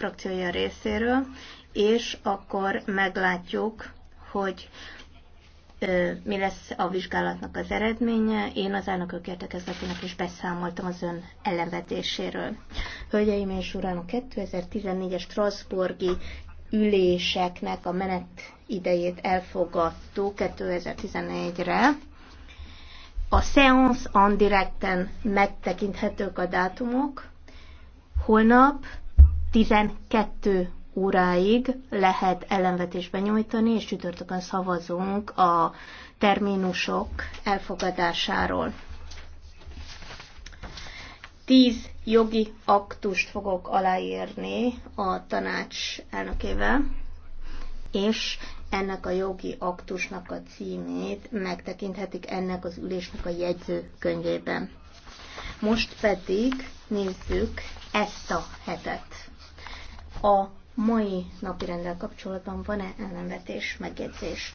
frakciója részéről, és akkor meglátjuk, hogy mi lesz a vizsgálatnak az eredménye. Én az elnökök értekezletének is beszámoltam az ön elevetéséről. Hölgyeim és uram, a 2014-es Strasburgi üléseknek a menet idejét elfogadtuk 2014-re. A Seance on Directen megtekinthetők a dátumok. Holnap 12 óráig lehet ellenvetésbe nyújtani, és csütörtökön szavazunk a terminusok elfogadásáról. 10 jogi aktust fogok aláírni a tanács elnökével, és ennek a jogi aktusnak a címét megtekinthetik ennek az ülésnek a jegyzőkönyvében. Most pedig nézzük a mai napi rendel kapcsolatban van-e ellenvetés, megjegyzés?